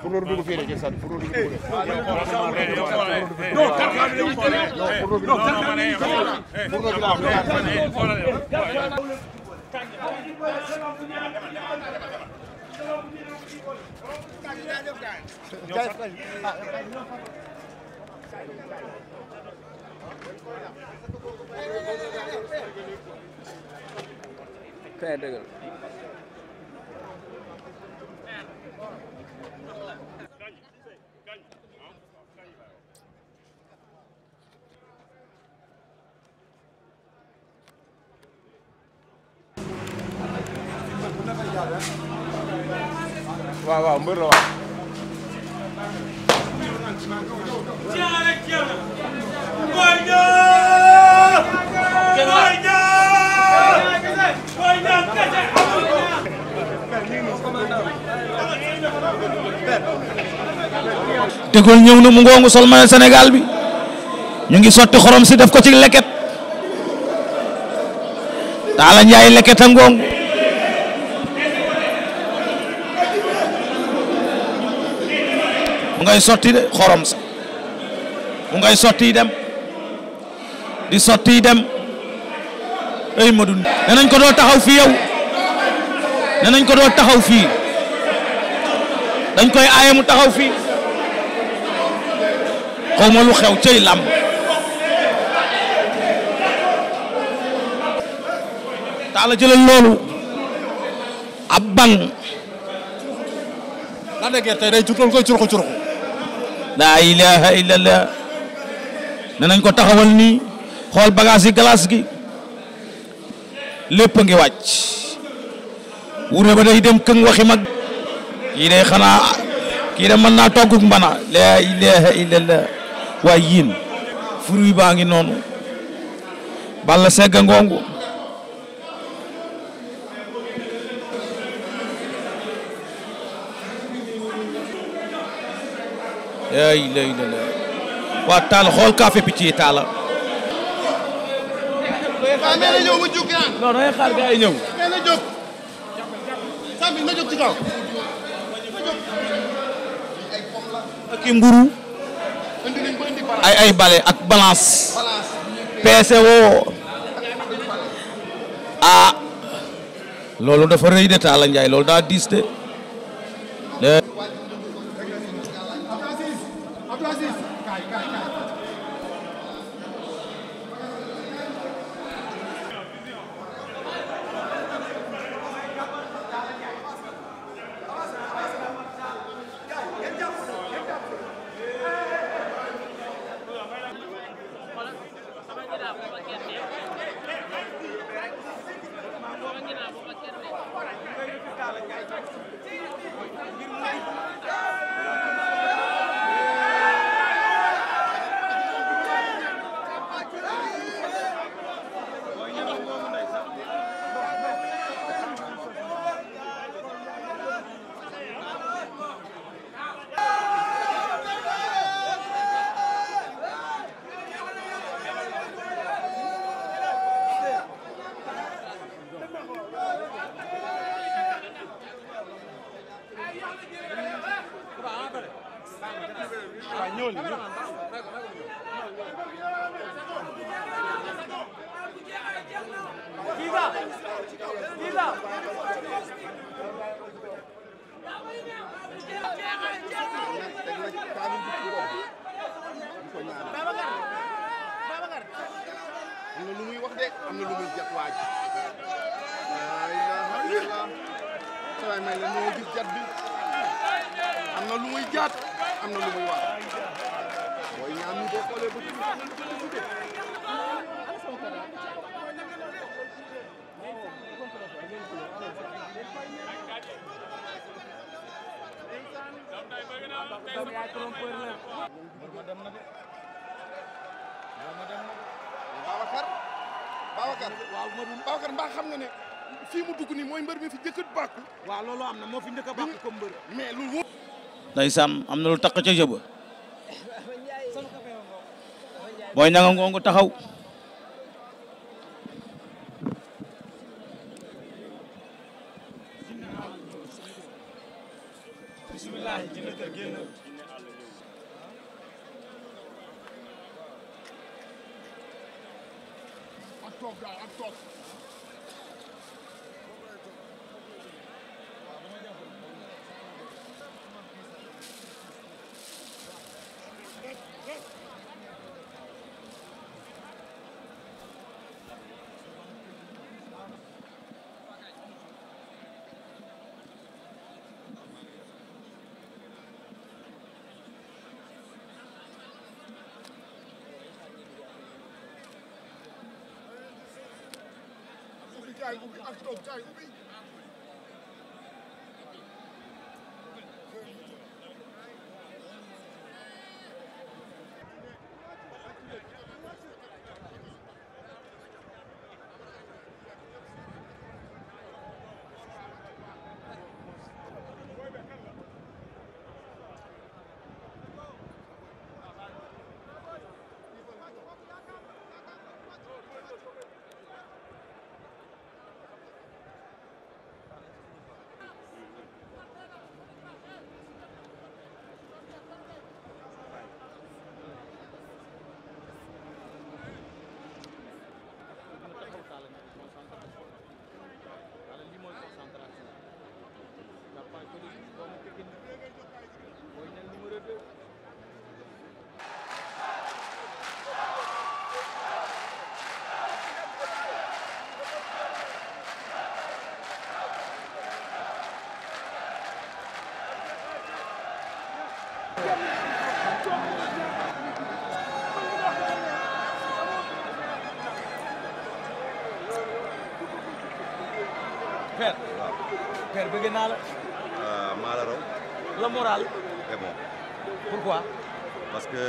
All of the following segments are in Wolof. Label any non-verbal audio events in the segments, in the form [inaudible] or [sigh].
Furor dugg fii rek sa furor dugg fii rek no karga bi no furor no karga bi furor bi la am kay dëggal waaw waaw mbër la waaw. Boy Niang te dégol ñëw na mu ngoongu sol ma Sénégal bi ñu ngi sotti xorom si def ko ci leket Talla Ndiaye leket a ngoongu mu ngay sotti de xorom sa mu ngay sotti dem di sotti dem ay madun ne nañ ko doo taxaw fii yow ne ko doo taxaw fii dañ koy aaye mu taxaw fii xaw ma lu xew cëy làmb taala jëlal loolu ab la de gerte day tutal koy curuxu curuxu laa ilaha illallah danañ ko taxawal ni xool bagage yi gi lépp ngi wàcc wure ba day dem këng waxi mag kii de xanaa kii de mën naa togguk mbana laa ilaaha illallah waaye yéen fruit baa ngi noonu balla segga ngongu laa ilaaha illallah waa taal xool café bi ci taala waaw nee na ñëw jóg ci kaw. ak ay ay bale ak balance PCO ah loolu dafa rëy de Talla Ndiaye loolu daa diis de am na lu waaj laa ilaaha illa salaay la moo gis jat bi am na lu muy jaat am na lu muy waaj booy ñaam mi Babacar waaw xam nga ne fii mu dugg nii mooy mbër mi fi njëkk a bàkku loolu am na moo fi njëkk a kom mbër mais lu wóor ndeysaan am na lu takk ca jëba booy nanga ngongu taxaw frère naa la. Euh, maa la raw. le moral. est bon. parce que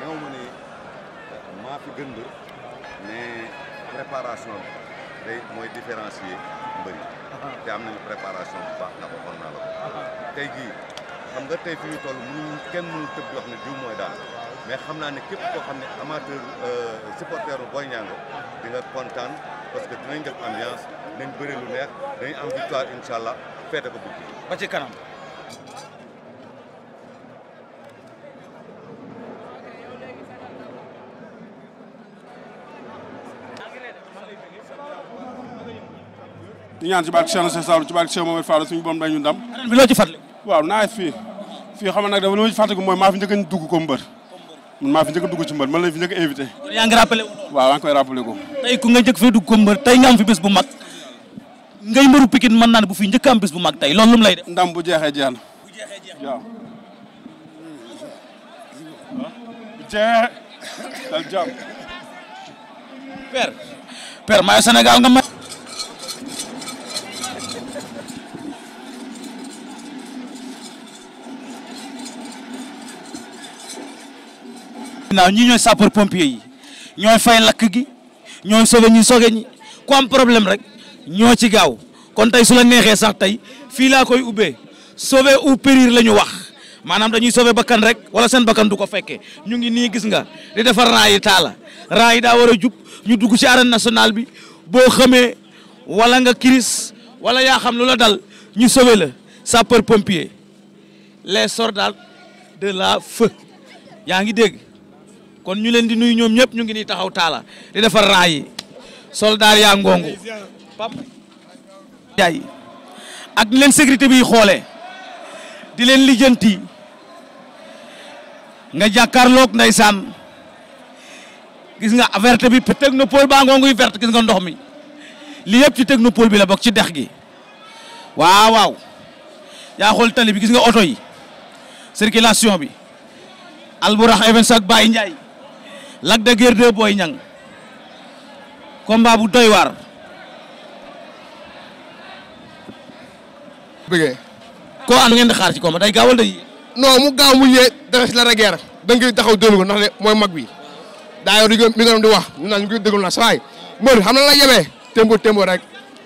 néew ma ni maa fi gën la mais préparation bi mooy différencier mbëri [laughs] te am nañu préparation bu baax ndax waxoon naa la ko. [laughs] tey jii xam nga tey fi ñu toll mënuñu kenn mënu tëb wax ne jiw mooy daal. mais xam naa ni képp koo xam ne amateur euh, supporter bu Boy Niang [laughs] di nga kontaan parce que dinañ def ambiance dinañ bëri lu dañuy am victoire incha allah feete ko bugg ba ci kanam. di ñaan ci barke Cheikh Nassir Sall ci barke Cheikh Mohamed Fall suñu borom dañu ndam. waaw naa fii fii xam nga nag dafa li ma ci fàttaliku mooy maa fi njëkk a dugg ko mbër. maa fi njëkk a dugg ci mbër man lañ fi njëkk a invité. yaa ngi rappelé wu. waaw maa ngi ko. tey ku nga njëkk fee dugg ko mbër tey nga fi bés bu mag. ngay mbaru Pikine mën naan ne bu fi njëkk am bis bu mag tey loolu lu mu lay def. ndam bu jeexee jeex na. bu jeexee jeexee dal jàmm. père. Sénégal nga may. naaw ñi ñooy sapeur pompier yi ñooy fay lakk gi ñooy sauver ñi soge ñi ku am problème rek ñoo ci gaaw kon tey su la neexee sax tey fii laa koy ubbee sauver ou périr la ñu wax maanaam dañuy sauver bakkan rek wala seen bakkan du ko fekkee ñu ngi nii gis nga di defar raa yi taala raa yi daa war a jub ñu dugg ci arène nationale bi boo xamee walla nga kiris wala yaa xam lu dal ñu sauver la sapeur pompier les soldats de la feu yaa ngi dégg kon ñu leen di nuyu ñoom ñëpp ñu ngi nii taxaw taala di defar raa yi soldat yaa ngongu jaay ak leen sécurité bi xoolee di leen lijjanti nga jàkkaarloog ndeysaan gis nga verte bi technopole baa ngoo nguy verte gis nga ndox mi li yëpp ci technopole bi la bokk ci dex gi waaw waaw yaa xool tali bi gis nga oto yi circulation bi alburax even sak Baye Ndiaye Lac de Guiers 2 Boy Niang combat bu doy waar bëggee. koo ànd ngeen di xaar ci combat day gaawal day. non mu la guerre da nga koy taxaw déglu ko ndax ne mooy mag bi daa yor mi nga doon di wax ñu naan ñu koy déglu na saa yi mbër xam na la yebee tembo tembo rek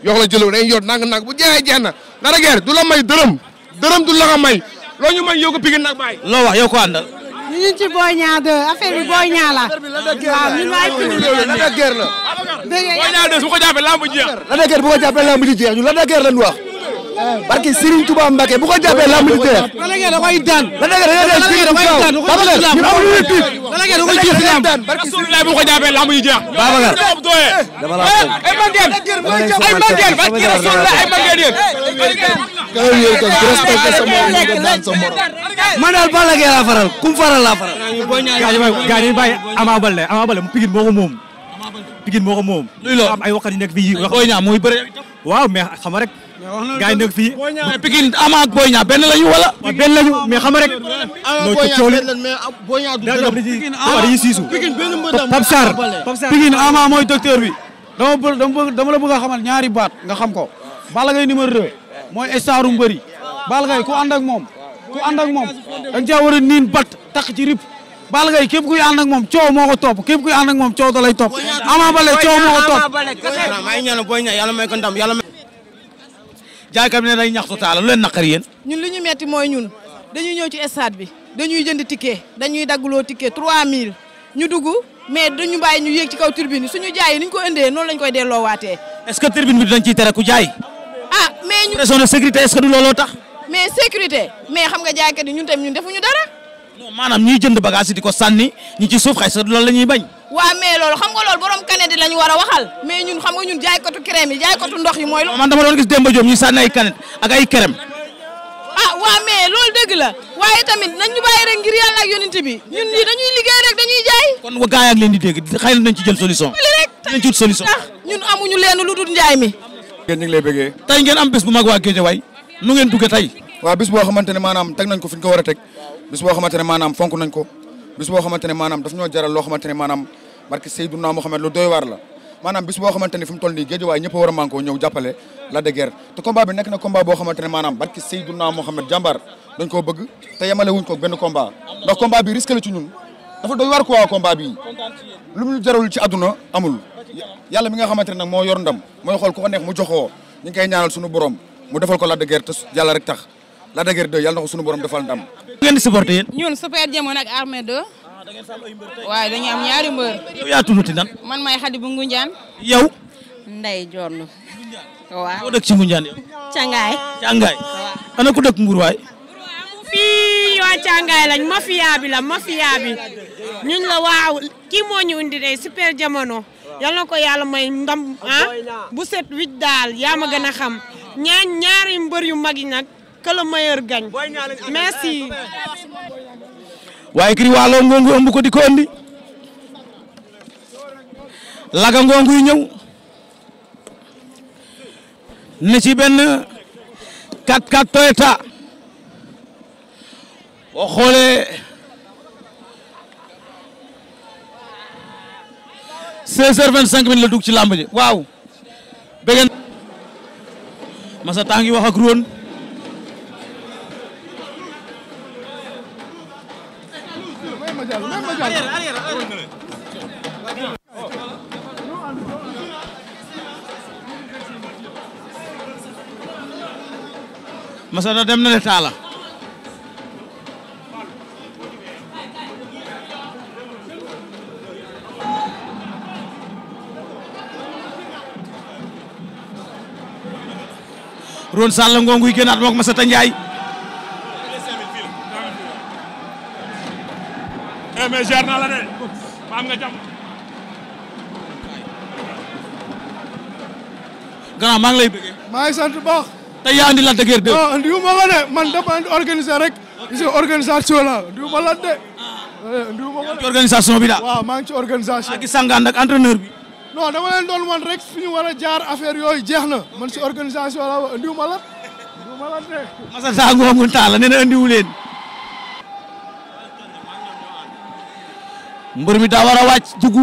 yoo xam ne jëloo dañuy yor nang nang bu jeexee jeex na la guerre du la may dërëm dërëm du la ko may loo ñu may yow ko pigi nag baay. loo wax yow ko àndal. ñu ngi ci Boy Niang 2 affaire bi Boy Niang la. waaw ñun ay pili la la guerre la. dëgg la Boy Niang 2 su ko jàppee lamb ji jeex. la guerre bu ko jàppee lamb ji jeex ñun la barki Serigne Touba Mbacké bu ko jàppee lamb di teer la ngeen da koy daan la ngeen da koy daan bu ko jàppee lamb yi jeex Babacar man daal Balla Gaye faral kum faral laa faral gaay yi bàyyi Ama Baldé Ama Baldé mu Pikine moo ko moom Pikine ay waxkat yu nekk fii wax Boy Niang mooy bëre waaw mais xam gars yi nag fii. Pikine Ama ak Boy Niang lañu wala. benn lañu mais xam rek. Ama Boy Niang benn lañu mais Boy Niang du benn. dañuy siisu. Pape Sarr Pikine mooy docteur bi. dama la bëgg a xamal ñaari baat nga xam ko. Balla Gaye numéro 2 mooy star u mbëri. Balla ku ànd moom. ku ànd moom dañ caa war a niin bat takk ci rip. Balla Gaye képp kuy ànd moom coow moo ko topp képp kuy ànd ak moom coow da lay topp Ama Baldé coow moo ko topp. jaaykat bi ne day ñaxtu taala lu leen naqar yéen ñun li ñu metti mooy ñun dañuy ñëw ci stade bi dañuy jënd ticket dañuy dagguloo daggloo ticket 3000 ñu dugg mais dañu bàyyi ñu yéeg ci kaw tribune suñu jaay ni ñu ko indee noon lañ koy delloowaatee est-ce que tribune bi dañ ciy tere ku jaay ah mais ñu raison de sécurité est-ce que du looloo tax mais sécurité mais xam nga jaaykat yi ñun tam ñun defuñu dara non maanaam ñuy jënd bagage yi di ko sànni ñu ci suuf xëy sa loolu la ñuy bañ waa mais loolu xam nga loolu borom canette yi lañu war a waxal mais ñun xam nga ñun jaaykatu crème yi jaaykatu ndox yi mooy. man dama doon gis Demba Diop ñu sànni ay canette ak ay crème. ah waa mais loolu la waaye tamit nañ ñu bàyyi rek ngir yàlla ak yonent bi ñun dañuy liggéey rek dañuy jaay. kon wa gaa yaa ngi leen di dégg xëy na nañ ci jël solution. dinañ ci wut solution ndax ñun amuñu leen lu dul njaay mi. ngeen ñu ngi lay bëggee. tey ngeen am bis bu mag waa Guédiawaye nu ngeen duggee tey. waaw bis boo xamante ne maanaam teg nañ ko fi ñu ko war a teg bis boo xamante ne maanaam fonk nañ ko bis boo xamante ne maanaam daf ñoo jaral loo xamante ne maanaam barke Seydouna Mohamed lu doy waar la maanaam bis boo xamante ne fi mu toll nii a war a manko ñëw jàppale Lac de te combat bi nekk na combat boo xamante ne maanaam barke Seydouna Mohamed jàmbaar dañ koo bëgg te yemale wuñ ko benn combat ndax combat bi risque la ci ñun dafa doy waar quoi combat bi lu mu jarul ci àdduna amul yàlla mi nga xamante ne nag moo yor ndam mooy xool ku ko neex mu joxoo ñu ngi koy ñaanal suñu borom mu defal ko Lac de Guiers tax Lac de Guiers 2 yàlla na ko suñu borom defal ndam. waaye dañuy am ñaari mbër. yow yaa tuddati nan. man may xadi bu Ngunjaan. yow. Ndey Jonn. waaw boo dëkk ci Ngunjaan Cangaay. Cangaay. ana dëkk Mbour fii waa Cangaay lañ mafia bi la mafia bi ñun la waaw kii moo indi day super jamono. yal na ko yàlla may ndam ah bu set wicc daal yaa ma gën a xam ñaar ñaari mbër yu mag yi nag que le meilleur waaye kiri waaloo ngongu ëmb ko di ko andi laga ngongu yu ñëw ne ci benn 4-4 Toyota boo xoolee seize heures vingt-cinq minutes la dugg ci làmb ji waaw bëgg masa taa ngi wax Masada dem na de taala Ron Sall ngonguy gënaat mook Masata Njaay eh mais jar la de maam nga jàmm. grand lay bëggee. maa ngi sant bu baax. tey yaa andi Lac de Guiers 2. andi wu ma ko de man dama andi organiser rek. gis nga organisation la andi wu ma la de. andi ah. eh, wu ma ko de ci organisation bi daal. maa ngi ci organisation. maa ngi sangaan bi. non dama leen doon wan rek fi ñu jaar affaire yooyu jeex na man si organisation la andi wu ma la. andi wu ma la de. Massa Sango amul taal la nee na andi wu leen. mbër mi daa wara a wàcc dugg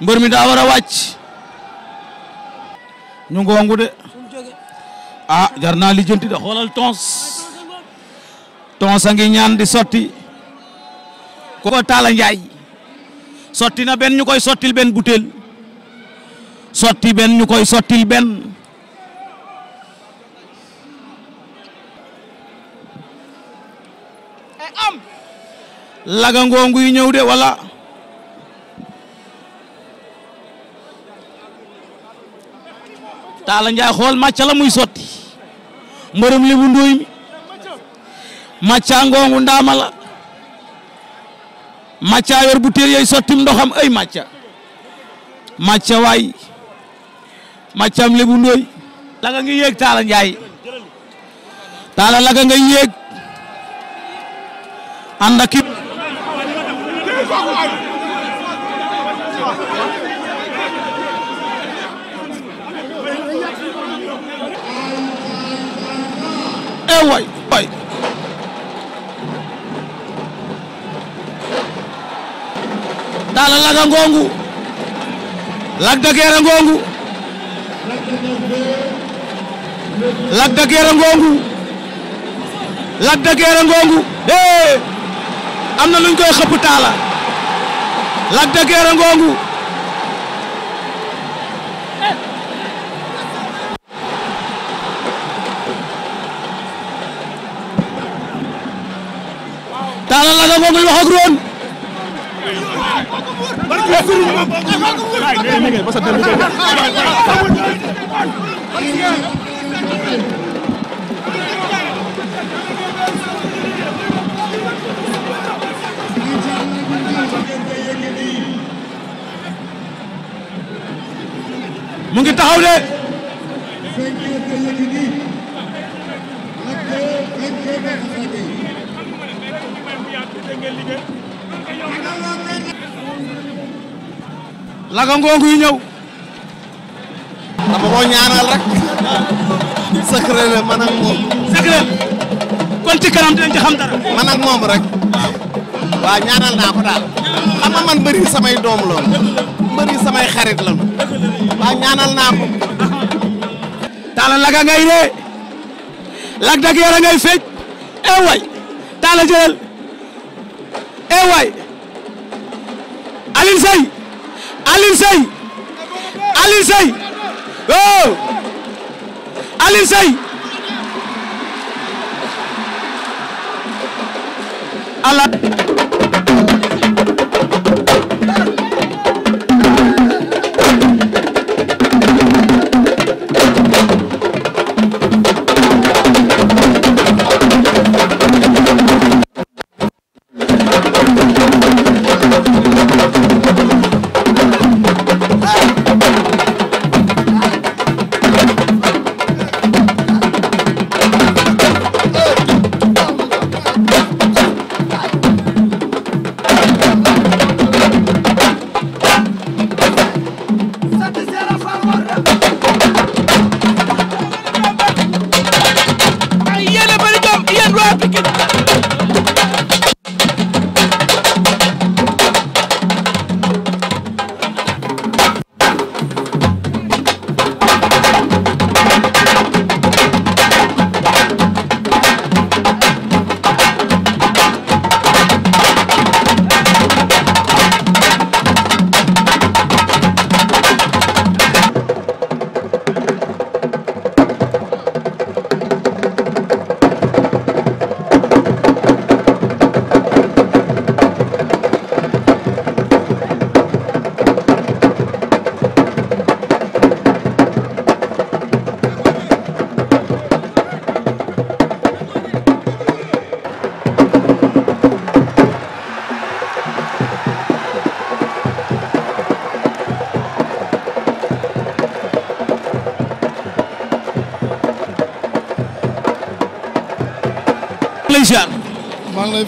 mbër mi daa war a wàcc ñu ngoongu de ah jar naa lijjanti de xoolal tons tons a ngi ñaan di sotti ko Talla Ndiaye sotti na benn ñu koy sottil benn butéel sotti benn ñu koy sottil benn laga ngoo nguy ñëw de wala Talla Ndiaye xool màcca la muy sotti mbërëm li bu nduy mi màcca ngoongu ndaama la màcca yor bu téer yooyu sottim ndoxam ay màcca màcca waay màccam li bu nduy laga ngi yéeg Talla Ndiaye Talla laga nga yéeg ànd ak eh waay waay daala laga ngongu lag geera ngongu lag geera ngongu lag geera ngongu eh, am na luñ koy xëpp taala Lac de Guiers ngongu mu ngi taxaw de laga ngonguy ñëw dama ko ñaanal rek secret la man moom secret kon ci kanam dinañ xam dara man ak moom rek waaw ñaanal naa ko daal xam man bëri samay doom lool samay xarit lañu waaw ñaanal naa ko. Talla laga ngay ree lag dag yara ngay feej eh waay Talla jëlal eh waay Alioune Seye Alioune Seye oh.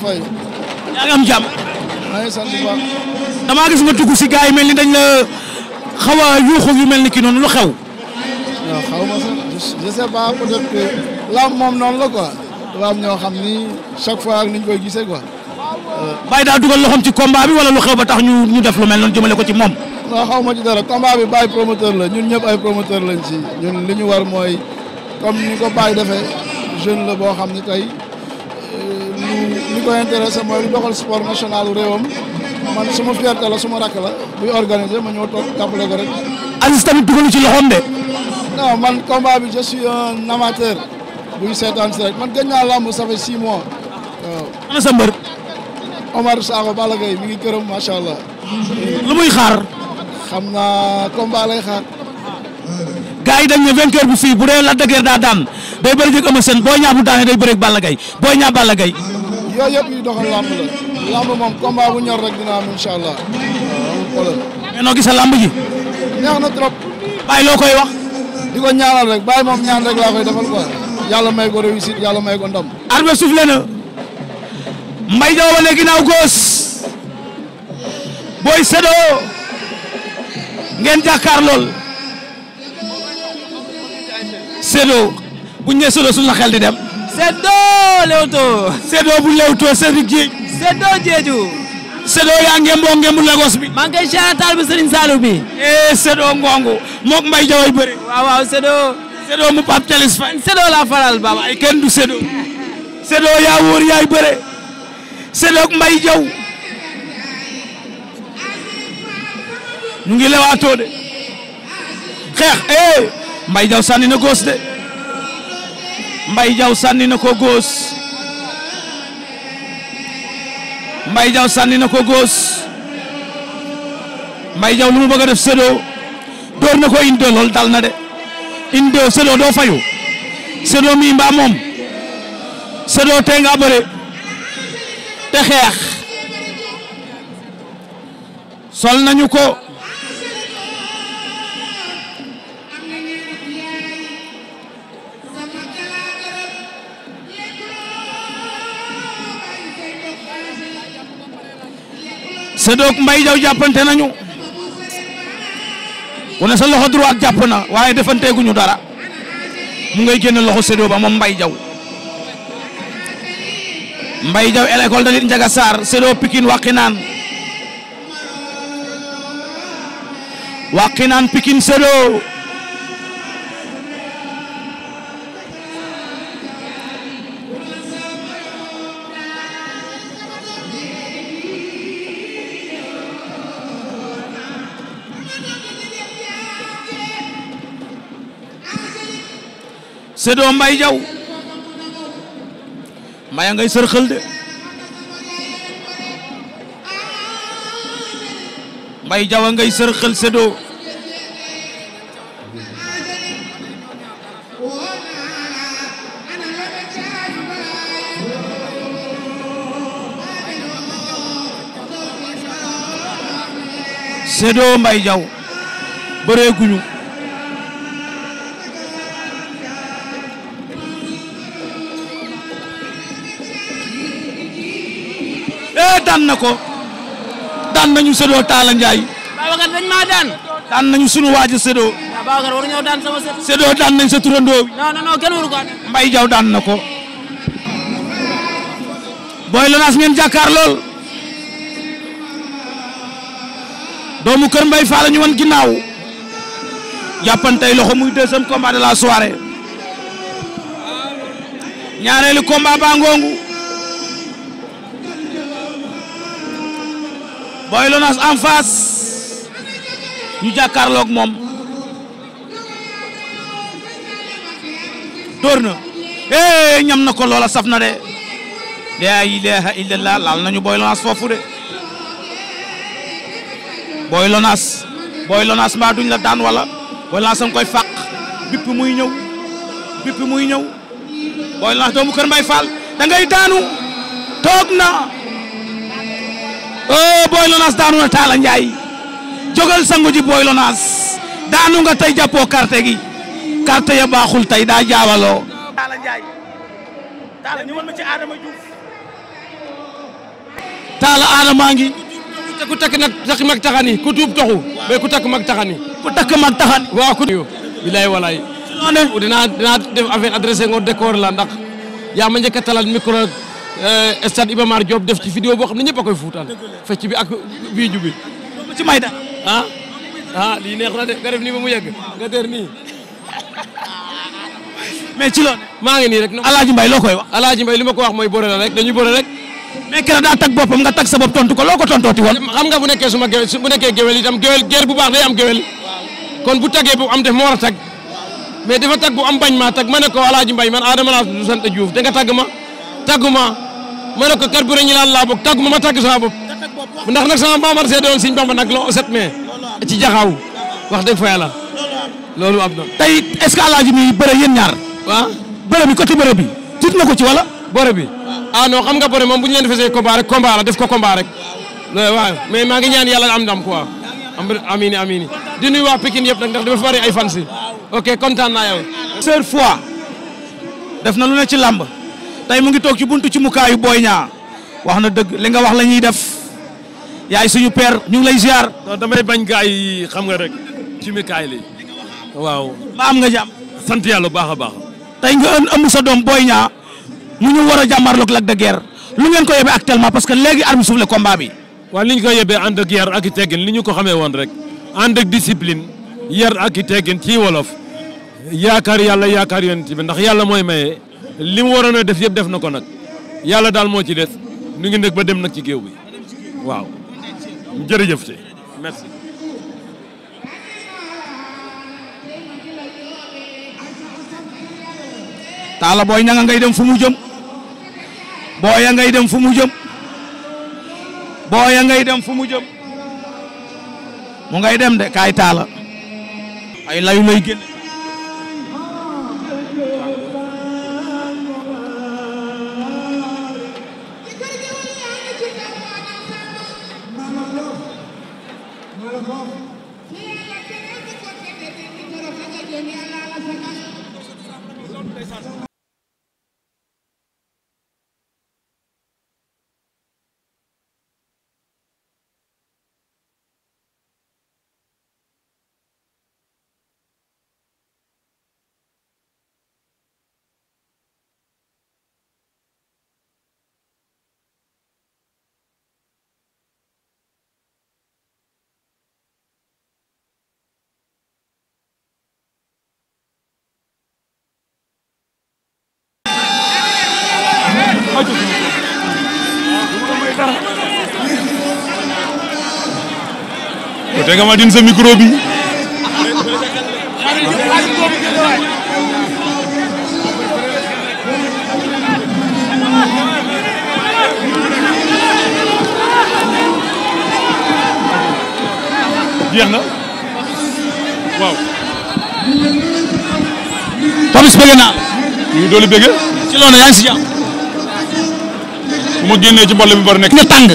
fay. yaa ngi am jàmm. maa ngi sant bu baax. damaa gis nga dugg si gars yi mel ni dañ la xaw a yuuxu yu mel ni kii noonu lu xew. waaw xaw ma sax je sais pas peut être que moom noonu la quoi dafa am ñoo xam ni chaque fois ak ni ñu koy gisee quoi. Euh, Baye daa dugal loxoom ci combat bi wala lu xew ba tax ñu ñu def lu mel noonu jëmale ko ci moom. non xaw ma ci dara combat bi Baye promoteur la ñun ñëpp ay promoteur lañ ci ñun li ñu war mooy comme ni ko Baye defee jeune la boo xam ni tey. Euh, ñu koy intéressé mooy lu doxal sport national réewam man suma fierté la suma rakk la buy organisé ma ñëw toog jàppale ko rek. Aziz tamit dugalu ci loxoom de. non man combat bi je suis un buy seetaan si rek man gëj naa làmb ça fait six mois waaw. ana sa mbër. mi ngi këram macha allah. lu muy xaar. xam naa combat lay xaar. gars yi dañ bu fii bu dee Lac de Guiers daa daan day bëri jëg Eumeu Sène daane day bëri Balla Gaye Boy Niang Balla Gaye yooyu yëpp yu doxal làmb la làmb moom combat bu ñor rek dina am incha allah waaw amul mais noo gisee ji. neex trop. bàyyi loo koy wax. di ko ñaanal rek bàyyi moom ñaan rek laa koy defal quoi. yàlla may ko réussite yàlla may ko ndam. arbitre soufflé na. Mbaye Diaw wane góos. Boy Sédoo. ngeen jàkkaar lool. Sédoo buñ ne Sédoo suñu xel di dem. Séddoo Leewtoo. Séddoo bu Leewtoo Séddu Géej. Jeeju. Séddoo yaa ngemboo ngembu Lagos bi. maa ngi koy siyaarataal bi Serigne Saliou bi. eh Séddoo Ngongo mook ay bëri. waaw waaw Séddoo. mu Pape Thialis Faye. laa faral baba. waaye kenn du Séddoo. Séddoo yaa wóor yaay bëre. Séddoo ak Mbaye Diaw. ñu ngi lewaatoo de. xeex eh Mbaye Diaw sànni na góos de. mbay jaw sànni na ko góos Mbaye Diaw sànni na ko góos Mbaye jaw lu mu bëgg a def Sédho door na ko inde lool dal na de inde Sédho doo fayu Sédho mi mbaa moom Sédho te nga bëre te xeex sol nañu ko Sodok mbay Diaw jàppante nañu ku ne sa loxo droit jàpp na waaye defanteeguñu dara mu ngay génne loxo Sodok ba moom Mbaye Diaw Mbaye Diaw el école dalit Njaga Sarr Sodok Pikine Wakhinane Wakhinane Pikine Séddo Mbaye Diaw Mbaye ngay sërxël de Mbaye Diaw ngay sërxël Séddo Séddo Mbaye Diaw bëree guñu daan na ko daan nañu séddoo Talla Ndiaye. Babacar dañ sunu waaj a séddoo. waaw ah, Babacar waru ñëw daan sama séddoo. séddoo nañ sa turandoo bi. non non non ko Mbaye Diaw na ko. Boy Lonase ngeen jàkkaar lool. doomu kër Mbaye Fall ñu wan ginnaaw. jàppantey loxo muy deuxième combat de la soirée. ñaareelu combat baa ngongu Boy Lonase en face ñu jàkkaarloog moom dóor na ñam na ko loola saf na de laa ilaaha illallah laal nañu Boy Lonase foofu de Boy Lonase Boy Lonase mbaa duñ la daan wala Boy Lonase nga koy fàq bipp muy ñëw bipp muy ñëw Boy Lonase doomu Kër Mbay Fall da daanu toog na. oh Boy Lonaas daanu na Talla Ndiaye jógal sangu daanu nga tey jàppoo karte gi carte ya baaxul tey daa jaawaloo. Talla Ndiaye Talla ñëwal ngi. ku takk nag takk mag taxani ku tuub toxu mais ku takk mag taxani. ku takk mag taxani. ku. bilaay dinaa def affaire adressé ngoo décor la yaa ma njëkk a talal micro. Euh, stade Iba Mar Diop def ci vidéo bo xam ne ñëpp a koy fuutal fecc bi ak bii bi ci may da ah ah lii neex na de nga def nii ba mu yegg nga der nii [laughs] mais ci loolu maa ngi nii rek Alaaji Mbaye loo koy Alaaji Mbaye li ma ko wax mooy bëre la rek dañuy bëre rek mais kenn daa tag boppam nga tag sa tontu ko loo ko tontooti woon xam nga bu nekkee suma gewel bu nekkee gewel itam gewel geer bu baax day am gewel kon bu tagee bu am def moo tag mais dafa tag bu am bañ maa tag ma ne ko Alaaji Mbaye man Adama laa du nga tag ma tagguma ma ne ko kat bu ñu laal laa bokk tagguma ma tagg sama bopp ndax nag sama maam seede woon Sëñ Bamba nag loo 7 mai ci jaxaw wax dëgg fa yàlla loolu am na. tey est-ce que alaaji mi bëre yéen ñaar. waaw bëre bi côté bëre bi. tiit na ko ci wala. bëre bi ah non xam nga bëre moom bu ñu leen defee combat rek combat la def ko combat rek loolu waaw mais maa ngi ñaan yàlla am ndam quoi amini amini di nuyu waa Pikine yëpp nag ndax dafa bari ay fan si ok kontaan naa yow. sœur fois def na lu ne ci làmb. tey mu ngi toog ci buntu ci mukaayu booy ñaa wax na dëgg li nga wax lañuy def yaay suñu père ñu lay ziar. non damay bañ gaay yi xam nga rek ci mukaay li waaw. ba am nga jàmm. sant yàlla baax a baax. tey nga ëmb sa doom booy ñaa mu ñu war a jàmmarloog Lac de Guiers lu ngeen ko yebee actuellement parce que léegi arme suuf le combat bi. waaw li ñu ko yebee ànd ak yar ak i teggin li ñu ko xamee woon rek ànd disiplin discipline ak i teggin ci wolof yaakaar yàlla yaakaar yonent bi ndax yàlla mooy maye. li mu waroon def yëpp def na ko nag yàlla daal moo ci des ñu ngi ba dem nag ci géew bi waaw jërëjëf ci taala booy ñanga ngay dem fu mu jëm booya ngay dem fu mu jëm booya ngay dem fu mu jëm ngay dem de kaay taala ay layu lay génn Reg nga ma din sa micro bi. jeex na waaw. Papis bëgg naa. ñu ngi ci loolu yaa ngi si jàmm. bu ma génnee ci mboolem bi bari nekk. na tàng.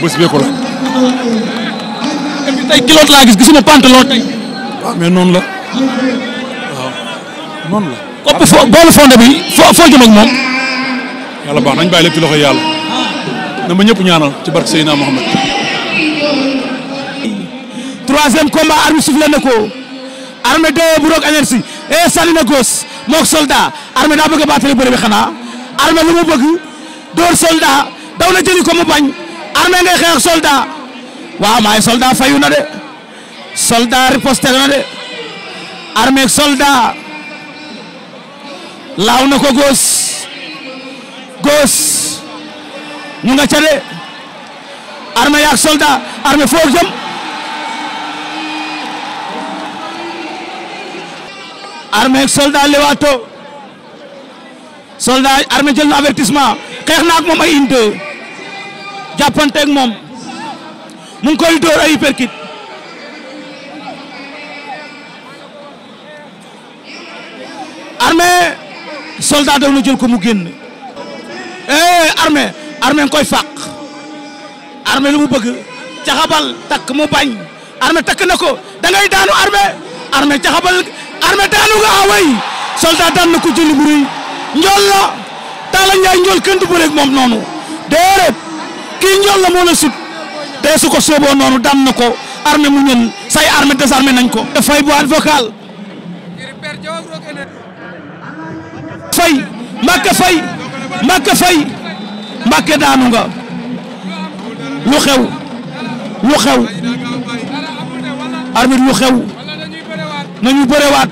bés bee ko tey kilote laa gis gisuma pantalon tey. Ah, waaw mais noonu la kopp fo boolu fonde bi foo foo moom. yàlla baax nañ bàyyi lépp ci loxo yàlla. na ma ñëpp ñaanal ci barke Seydina Mohamed. troisième combat arbitre soufflé na ko armée de bu roog énergie eh gos moog soldat armée daa bëgg a baatale bëre bi xanaa armée lu mu door soldat daw na jëli ko mu bañ armée ngay xeex soldat. waaw maay soldat fayu na de soldat riposte na de armée soldat laaw na ko góos góos ñu nga ca de armée yaak soldat armée foo jëm armée soldat lewato soldat armée jël na avertissement xeex moom ay inde jàppante moom mu koy dóor ay perkit armée soldat daw na jël ko mu génn eh armée armée nga koy fàq lu mu bëgg caxabal takk mu bañ armée takk na ko da ngay daanu armée armée caxabal armée daanu nga away ah soldat daan na ko jëli bu rëy njool kenn du bëreeg moom noonu déedéet kii njool moo la sut te su ko sooboo noonu daan na ko armé mu ñëw say armé désarmé nañ ko. fay bu vocal fay Mbacke fay Mbacke fay Mbacke daanu lu xew lu xew armé lu xew nañu bërewaat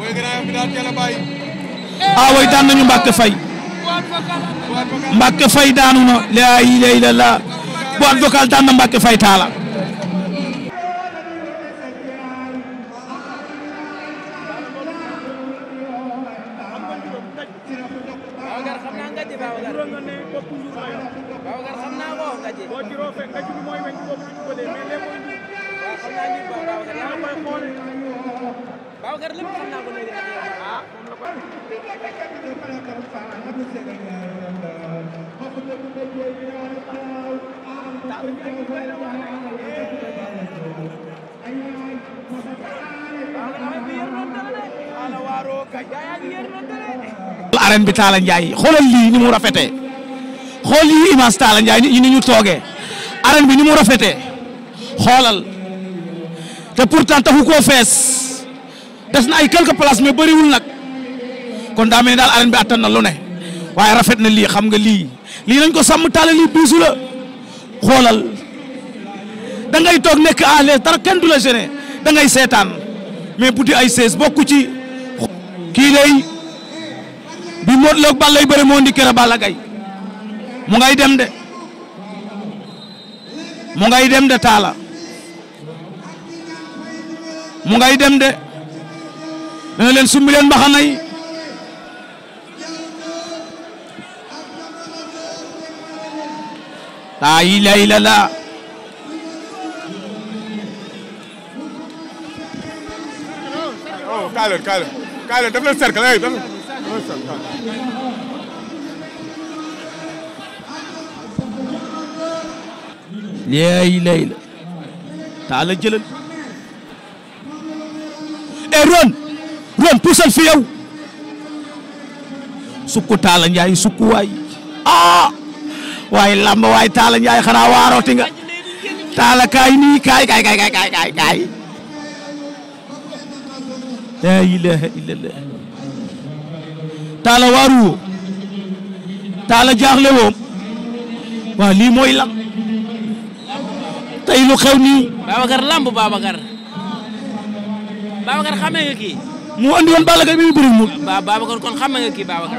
ah way daan nañu fay Mbacke fay daanu na. laa ilaaha bu avocat daan na Mbacke fay taala bi Talla Ndiaye xoolal lii ni mu rafetee xool lii image Talla Ndiaye ñu ñu toogee arène bi ni mu rafetee xoolal te pourtant taxu koo fees des na ay quelques places mais bëriwul nag kon daa mel ni daal arène bi attan na lu ne waaye rafet na lii xam nga lii lii nañ ko sàmm Talla lii biisu la xoolal da ngay toog nekk à l'aise dara kenn du la gêné da seetaan mais bu ay sees bokku ci kii lay bi Modou Lo ak Balla lay bëre moo kër Balla gay mu ngay dem de mu ngay dem de taala mu ngay dem de dana leen sumbi leen mbaxana yi laa léegi lay la taala jëlal e ron ron puusal fi yow taala njaay sukku waay ah waay lamb waay taala njaay xanaa waarooti nga taala kaay nii kaay kaay kaay kaay kaay kaay la ilaha illallah taala waaruwoo taala jaaxle woo waaw lii mooy lan tey lu xew nii. Babacar lamb Babacar. Babacar xamee nga kii. mu andi woon Balla Gaye bi mu bëri mu. Babacar kon xamee nga kii Babacar.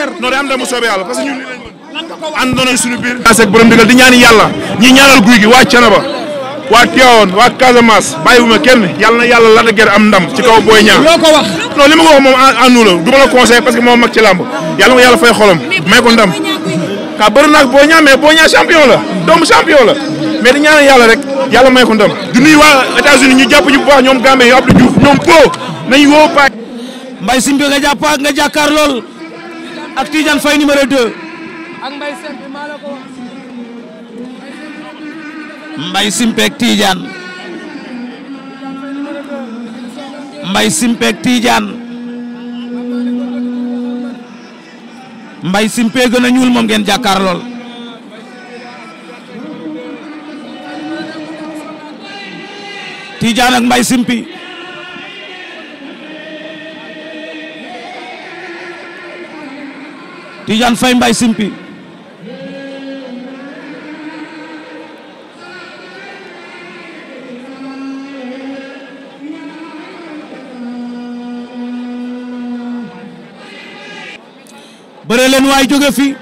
yar non day am ndam bu soobee yàlla parce que ñun lii lañ mën àndoon nañ suñu biir ak borom ndigal di ñaan yàlla ñi ñaanal guy gi waa Canaba waa Tivaouane waa Casamance bàyyiwuma kenn yàlla na yàlla la dëgër am ndam ci kaw Boy Niang loo ko wax non li ma ko wax moom àndu la du ma la conseillé parce que moom mag ci làmb yàlla ma yàlla fay xolam may ko ndam ka bëri naag Boy Niang mais Boy Niang champion la doomu champion la mais di ñaanal yàlla rek yàlla may ko ndam du nuyu waa États-Unis ñu jàpp ñu bu baax ñoom Gambie ñoom Abdou Diouf ñoom po nañ woo Paye Mbaye Simbi nga jàpp nga jàkkaar lool ak Tidiane Faye numéro 2. ak Mbaye Simpe maa la ko wax. Mbaye Simpe ak Tidiane. ak Tidiane. Mbaye ngeen jàkkaar lool. Tidiane ak Tidiane Faye Mbaye Simpi bëre leen waay jóge fi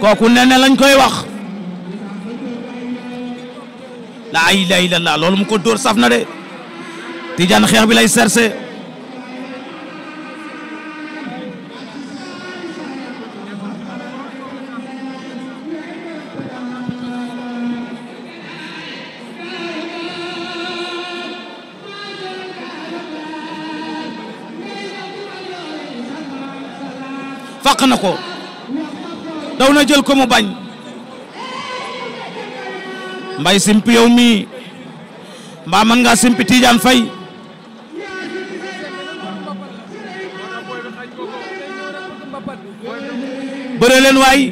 kooku nene lañ koy wax laa ilaaha illallaah loolu mu ko dóor saf na de Tidiane xeex bi lay serse faq na ko daw na jël ko mu bañ mbay simpi mi mii mbaa mën nga simpi Tidiane Faye bëre waay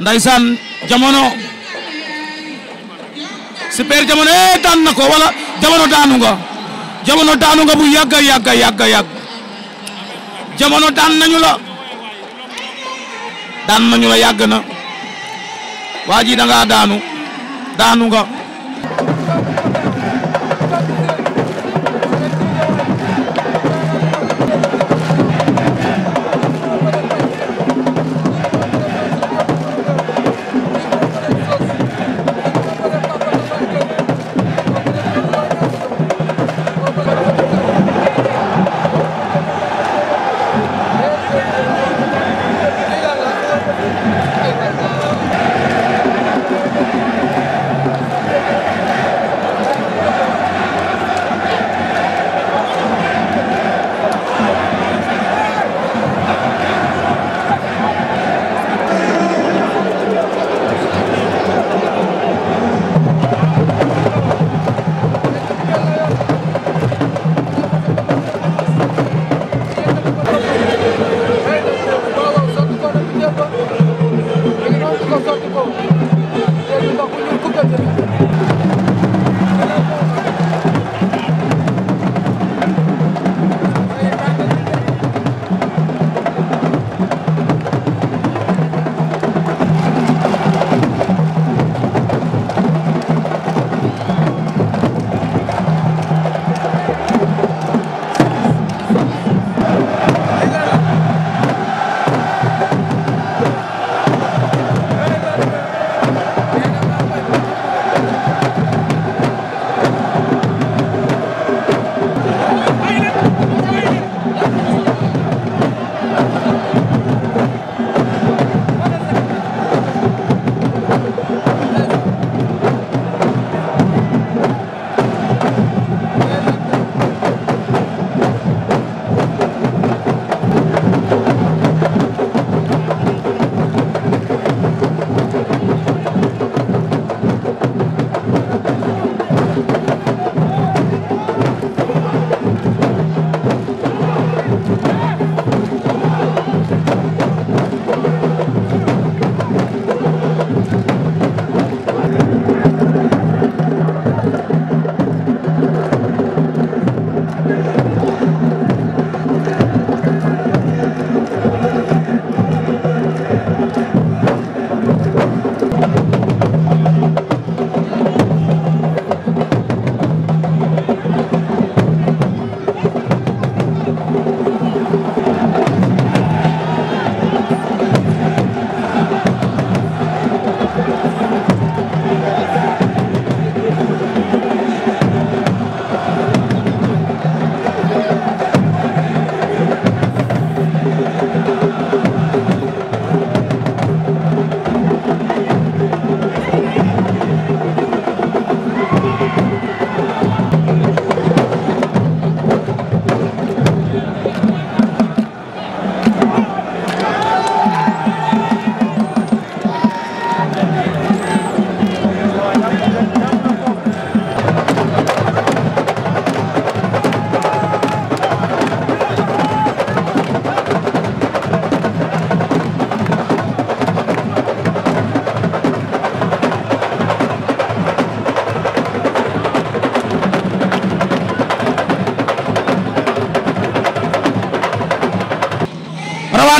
ndaysaan jamono super jamono eh daan na ko wala jamono daanu nga jamono daanu nga bu yàgg a yàgg a yàgg a yàgg jamono daan nañu la daan nañu la yàgg na waa ji da daanu daanu nga.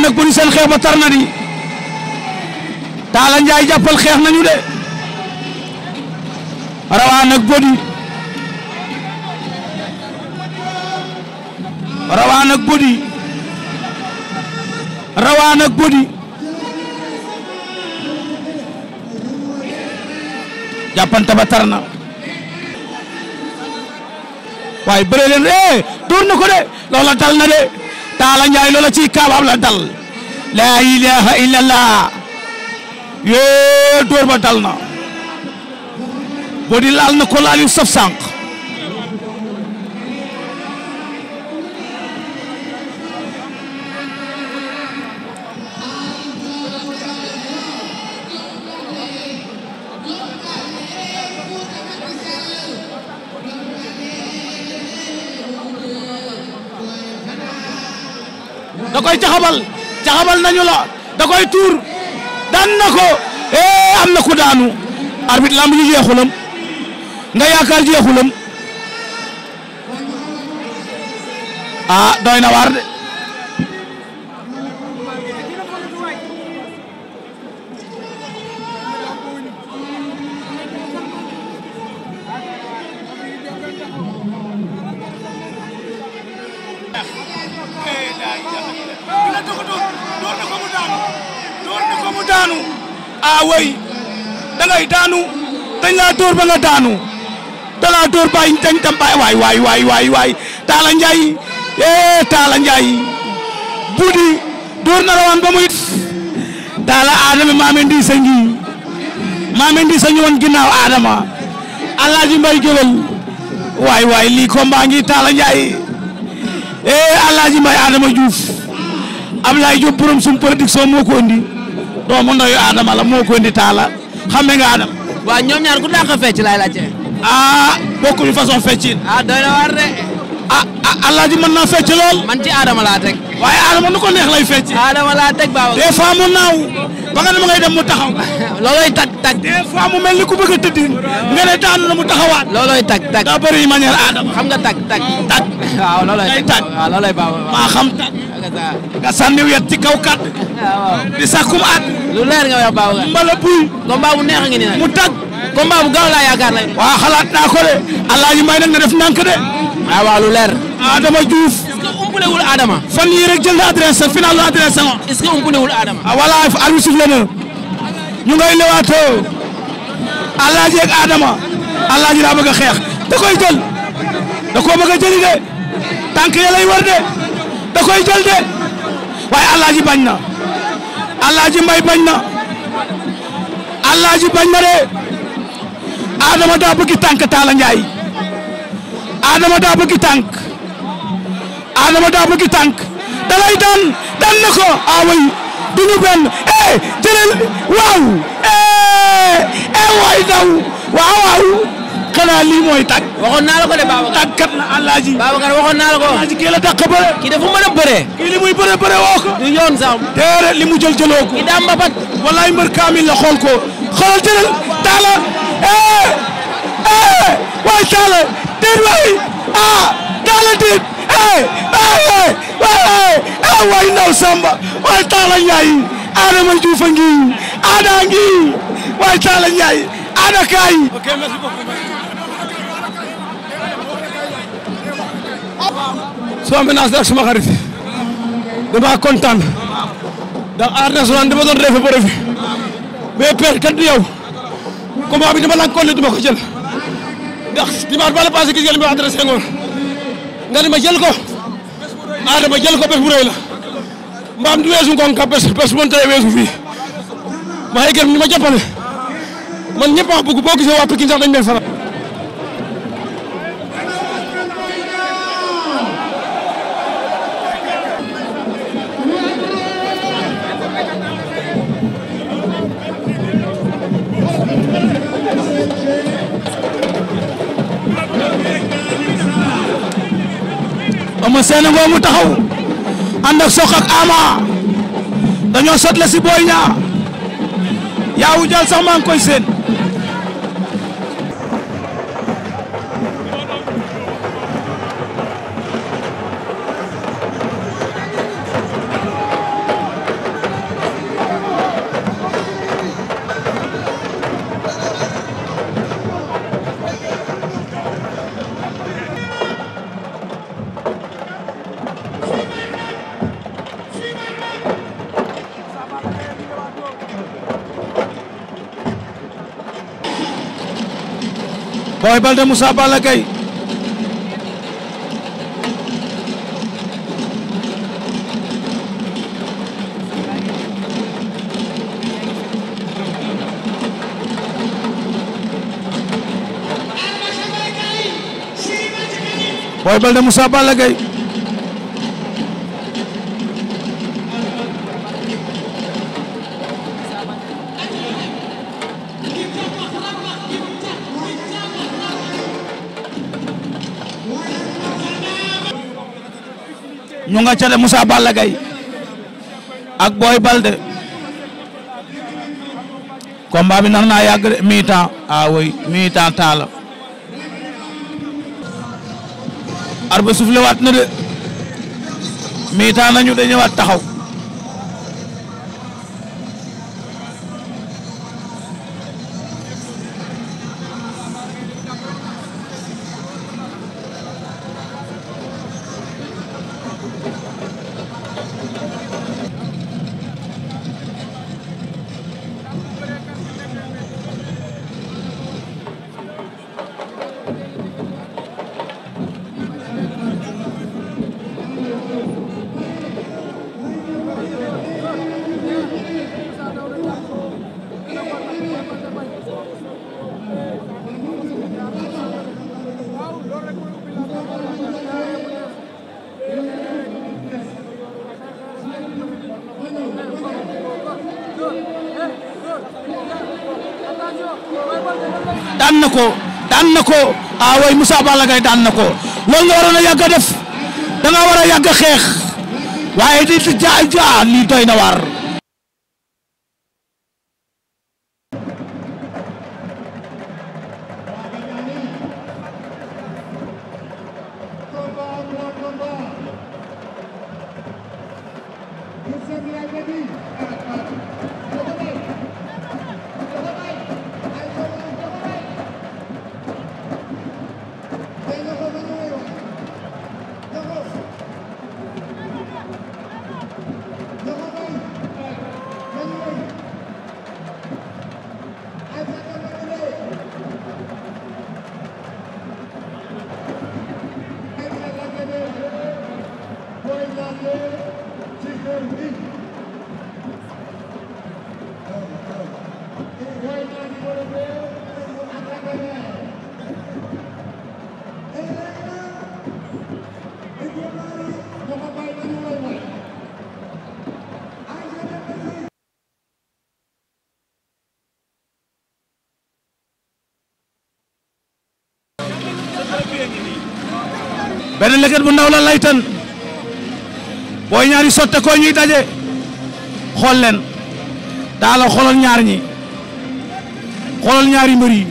nag bu ñu seen xeex di Talla Ndiaye jàppal xeex nañu de rawaan ak bodi rawaan ak bodi rawaan ak bodi jàppante ba tar na waaye bëre leen eh, ko de loola dal de Taala Njaay loola ci la dal laa ilaaha illallah yoo dóor ba dal na boo na ko laal yu saf koy caxabal caxabal nañu la da koy tuur daan na ko eh am na ku daanu arbitre lamb ji jeexulam nga yaakaar jeexulam ah doy na waar de dañ laa dóor ba nga daanu da laa dóor bàyyi dañ tam bàyyi waay waay waay waay waay Talla Ndiaye eh Talla Ndiaye na rawan ba muy Talla Adama maame ndi sa ngi maame ndi sa ñu Adama Alaaji Mbay waay waay lii combat ngi Talla Ndiaye eh Alaaji Mbay Adama Diouf Ablaye Diop borom sum production moo ko indi doomu ndoyu Adama la moo ko indi Talla xame nga Adama waaw ñoom ñaar ku dàq fecc laay laajte. ah bokkuñu façon feccin. ah doy na war de. ah ah alaaji mën fecc lool. man ci Adama laa teg. waaye Adama nu ko neex lay fecc. Adama laa teg baaw. des fois mu naaw ba nga ngay dem mu taxaw. [laughs] looloy tag tag. des mu mel ni ku bëgg a tëddin. nga na mu taxawaat. looloy tag tag daa bëri manière Adama. xam nga tag tag. tag waaw looloy tag waaw looloy baaw. maa nga sànni wet ci kaw kat di sakkum at lu leer nga wax baaw nga mbala buy bu neex ngi ni nag mu tag combat bu gaaw laa yaakaar nag waaw xalaat naa ko de alaaji may nag na def ndànk de waaw ah, waaw lu leer Adama Diouf est-ce que umpulewul Adama fan yii rek jël na adresse final la adresse on est-ce que Adama ah, voilà arbitre sifflé na ñu ngay lewaatoo alaaji ak Adama alaaji daa bëgg a xeex da koy jël da koo bëgg a jëli de tànk ya war de da koy jël de waaye alaaji bañ na alaaji mbay bañ na alaaji bañ na de adama daa bëgg tànk taala njaay adama daa bëgg tànk adama daa bëgg tànk dalay daan daan na ko away duñu benn eh jëlel waaw eh eh waay daw waaw waaw xanaa lii mooy tàgg. waxoon naa la ko de Babacar tàggat na Alaaji. Babacar waxoon naa la ko. Alaaji kii la dàq bëre. kii dafa mën a bëree. kii li muy bëree bëree woo ko. du yoon sax. déedéet li mu jël jëloo ko. kii daa mbapat. walaay mbër kaamil la xool ko. xoolal jëlal taala eh eh waay taala déet waay ah taala déet eh eh, eh! waay ah waay ndaw Samba waay taala Njaay Adama Diouf a ngi Ada a ngi waay taala Njaay Ada kaay. suma ménage ak suma xarit dama kontaan ndax aar national dama doon refe ba refe mais per kat du yow combat bi dama lànkoon ne duma ko jël ndax dimanche ba la passé gis nga li ma adressé ngoon nga ne ma jël ko aadama jël ko bés bu la mbaam du weesu ngonka bés bés bu tey weesu fii maa ngi gërëm ñu ma jàppale man a bëgg boo gisee waa Pikine sax dañ may faral seena ngoo mu taxaw ànd ak Sokh ak Ama dañoo sotle si Boy Niang Yawou sax maa ngi koy seen Boy Baldé Moussa Balla Gaye nga ca de Moussa Balla Gaye ak Boy Balde combat bi nar naa yàgg de mi-temps ah oui taala arba suuf le waat na de mi-temps nañu de ñëwaat taxaw ko ah musaa Moussa Balla Gaye daan na ko loolu nga waroon a yàgg a def da war a yàgg a xeex waaye di di jaa jaa lii doy na waar. bene leket bu ndaw la tan booy ñaari sotte ko ñuy daje xool leen daala xoolal ñaar ñi xoolal ñaari mbër yi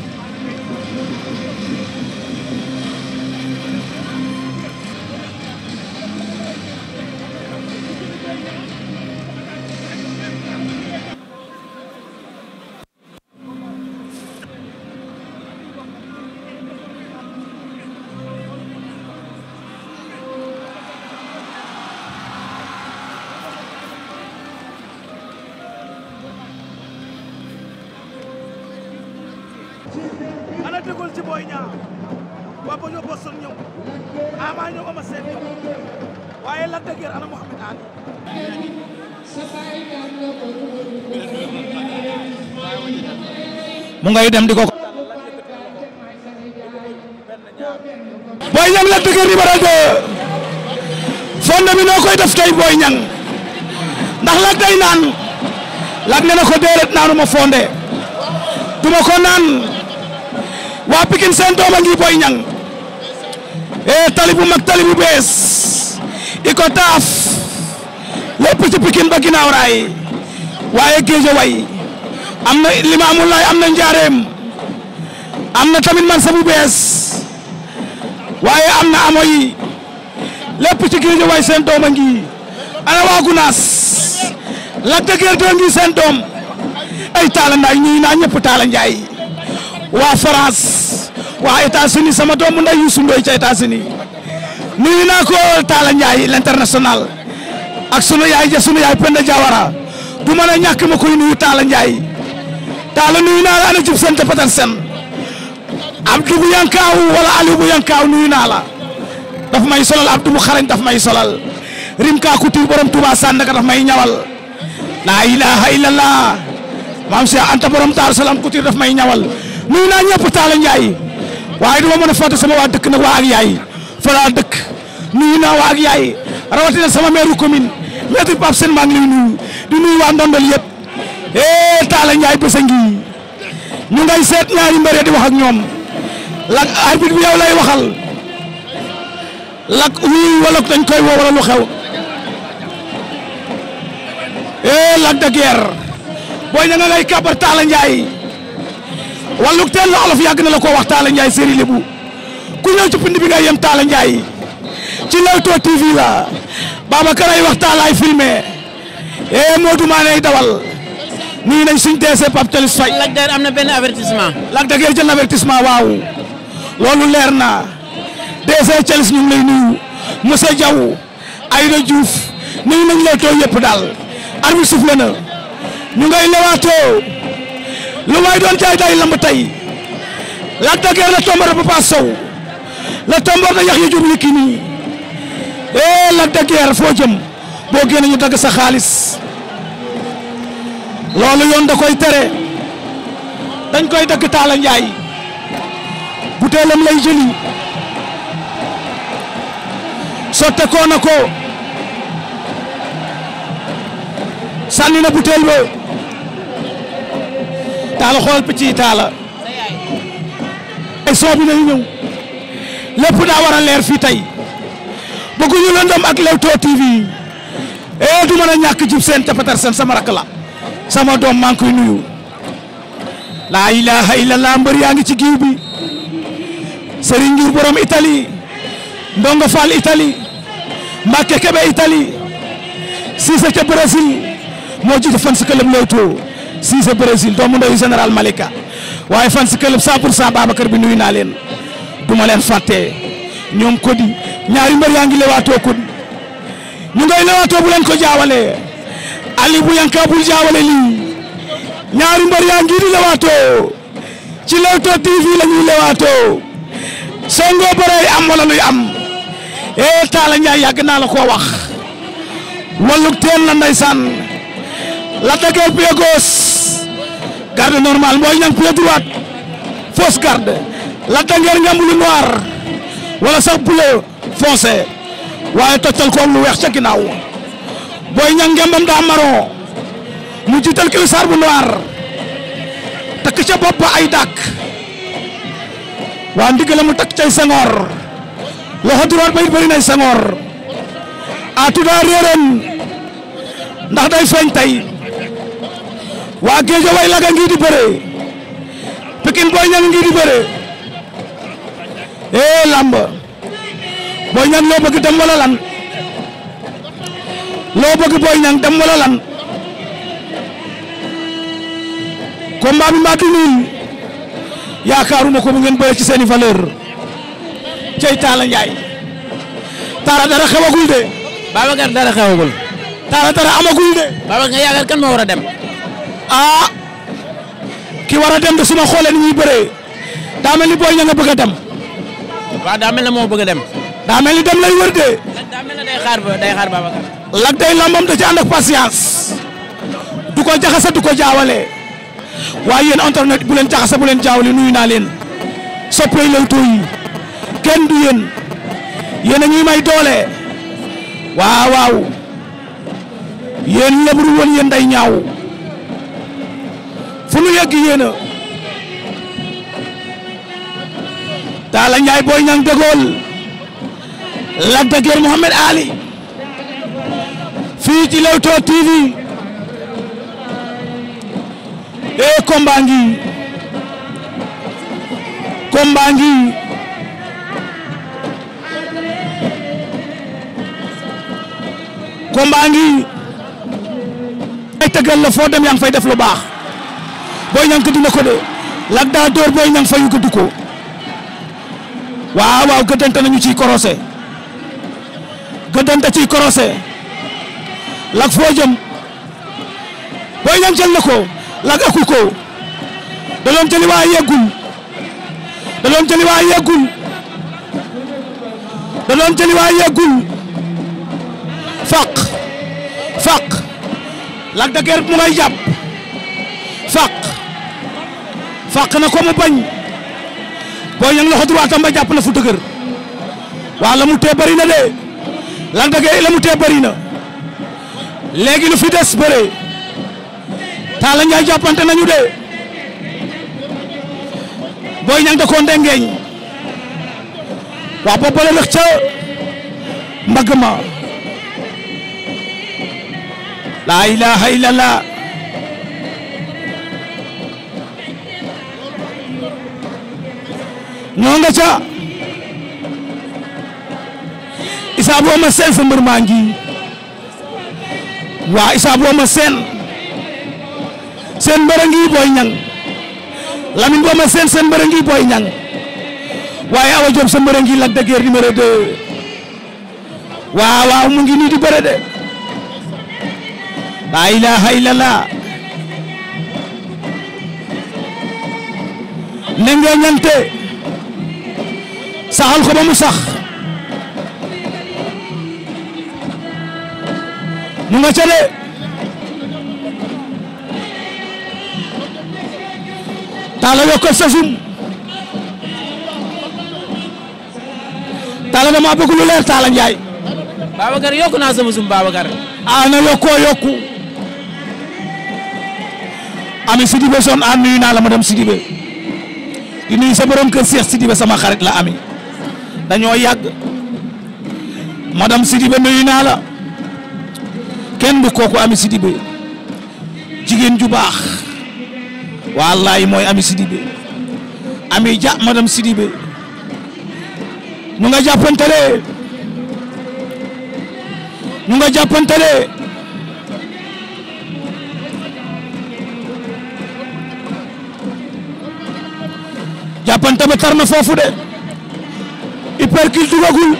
mu ngay dem di ko. Boy Niang Lac de Guiers numéro 2 fonde bi noo koy def tey Boy Niang ndax Lac day naan Lac nee na ko déedéet naanuma fonde duma ko naan waa Pikine seen doom a ngi Boy Niang eh tali bu mag tali bu bees i ko taaf lépp ci Pikine ba ginnaaw raay waaye géej way am na li ma laay am na njaareem am na tamit marché bu bees waaye am na amo yi lépp ci géej waay seen doom a ngi ana waa Gunaas ay Talla Ndiaye ñuy naa ñëpp Talla Ndiaye waa France waa états sama doomu nday Youssou Ndoye ca États-Unis nuyu naa ko Talla Ndiaye ak sunu yaay ja sunu yaay Penda Diawara du mën a ñàkk ma koy nuyu Talla Ndiaye taala nuyu naa la ana jub seen te patar sen abdu bu yankaaw wala aliou bu nuyu naa la daf may solal abdu bu xarañ daf may solal rim kaa ku tuur borom Touba Sandaga daf may ñawal laa ilaha illallah maam Cheikh Anta borom Daaru Salaam Couture daf may ñawal nuyu naa ñëpp Talla Ndiaye waaye duma mën a fàtte sama waa dëkk nag ak yaay fa laa dëkk nuyu naa waa ak yaay rawatina sama maire commune maître Pape Sène maa ngi lay nuyu di nuyu waa Ndondol yëpp eh Talla Ndiaye ngi ñu ngay seet ñaari mbër di bi yow lay waxal lak wii wala dañ koy woo wala xew eh Lac de booy na nga ngay kàbbar Talla Ndiaye wàllug teel la olof yàgg na la ko wax Talla Ndiaye série Lébu ku ñëw ci pind bi nga yem Talla Ndiaye ci Leewtoo TV la Babacar ay wax Talla ay filmé eh Modou Mané dawal. nuyu nañ suñu DG Pape Thialis Faye. Lac de Guiers am na benn avertissement. Lac de Guiers jël na avertissement waaw loolu leer na DG Thialis ñu ngi lay nuyu monsieur Diaw Aïda Diouf nuyu nañ la tooy yëpp daal arbitre soufflé na ñu ngay lewaatoo lu may doon jaay day lamb tey Lac de Guiers la tombé Papa Sow la tombé na Yaxya Diop Yékini eh Lac de foo jëm boo génne ñu dagg sa xaalis. loolu yoon da koy tere dañ koy dagg Talla Ndiaye buteelam lay jëli sotte ko na ko sànni na buteel ba Talla xool picc yi Talla élection bi nañu ñëw lépp daa war a leer fii tey bëgguñu lëndëm ak Leewtoo TV e eh, du mën a ñàkk jub seen capatar seen sama rakk la sama doom maa ngi koy nuyu laa ilaha illallah mbër yaa ngi ci giw bi Serigne Ndiour borom Italie Ndongo Fall Italie Mbacke Kebe Italie Cissé ca Brésil moo jiite fan si club Leewtoo Cissé Brésil doomu ndeyu général Malika waaye fan si club 100 pour 100 Babacar bi nuyu naa leen du ma leen fàtte ñoom kodi ñaari mbër yaa ngi lewaatoo kodi ñu ngay lewaatoo bu leen ko jaawale ali bu yanka bul jaawale lii ñaari mbër yaa ngi di lewaatoo ci Leewtoo TV la ñuy lewaatoo songo bëree am wala luy am ee eh, Talla Ndiaye yàgg naa la koo wax walluk teen la ndeysaan la tegeer pied gauche garde normal Boy Niang pied droite fausse garde la tegeer lu noir wala sax bleu foncé waaye toccal koog lu weex ca ginnaaw Boy Niang ngembam daa marron mu jiital ki saar bu noir takk ca bopp ba ay dàkk waa ndigale mu takk cay sengoor loxo droit ba it bëri nay sengoor aatu daa réeréen ndax day feeñ tey waa géejo way laga di bëre Pikine Boy Niang ngi di bëre eh làmb Boy Niang loo bëgg dem wala loo bëgg Boy Niang dem wala lan combat bi maa dundul yaakaaruma ko bu ngeen bëre ci seeni valeur cey Talla Ndiaye Talla dara xewagul de. Babacar dara xewagul. Talla dara amagul de. Babacar nga yaakaar kan moo war a dem. ah ki war a dem de suma xoolee ni ñuy bëree daa mel ni Boy Niang nga dem. waaw daa mel ne moo bëgg a dem. daa mel ni dem lay wër de. Lac day lambam da ci ànd ak patience du ko jaxase du ko jaawale waaye yéen internet bu leen jaxase bu leen jaawale nuyu naa leen soppey Leewtoo kenn du yéen yéen a ñuy may doole waaw waaw yéen lebru woon yéen day ñaaw fu nu yegg yéen a Talla Ndiaye Boy Niang de Gaulle Lac Ali fii ci Leewtoo TV e eh, combat ngi combat ngi combat ngi ay tëggal foo dem yaa ngi fay def lu baax Boy Niang gëdd na ko de Lac daa dóor Boy Niang fayu gëdd ko waaw waaw gëddante nañu ciy korosé gëddante ci korosé Lac foo jëm Boy Niang jël na ko Lac aku ko da doon jëli waaye yeggul da doon jëli waaye yeggul da doon jëli waaye mu ngay jàpp faq faq na ko mu bañ Boy Niang loxo droitam ba jàpp na fu dëgër waa la mu tee bari na de Lac de la mu tee bari na léegi lu fit des bëre Talla Ndiaye jàppante nañu de Boy Niang da koo ndengeeñ waa boppale rëx ca mbagg ma laa ilaha illallah ñoo nga ca isa boo ma seen fa mbër maa ngi waa Issa Booma seen seen mbërë ngi Boy Niang Lamine Booma Sène seen mbërë ngi Boy Niang waaye Awa Diop sa mbërë ngi Lac de Guiers numéro 2 waaw waaw ngi nii di bëre de laa ilaaha illallah ne ngeen ñante saxal ko ba mu sax mu nga ca de taala yokkal safum taala dama bëgg lu leer taala Njaay Babacar yokku naa sama sum Babacar a ah, na yokkoo yokku ami Sidibé son a ah, nuyu naa la madame Sidibé di sa borom kër Cheikh Sidibé sama xarit la ami dañoo yàgg madame Sidibé nuyu naa la kenn du kooku Ami Sidibé jigéen ju baax wallaay mooy Ami Sidibé Ami Dia madame Sidibé nu nga jàppantalee nu nga jàppantalee jàppante ba tar na foofu de hypercule dugagul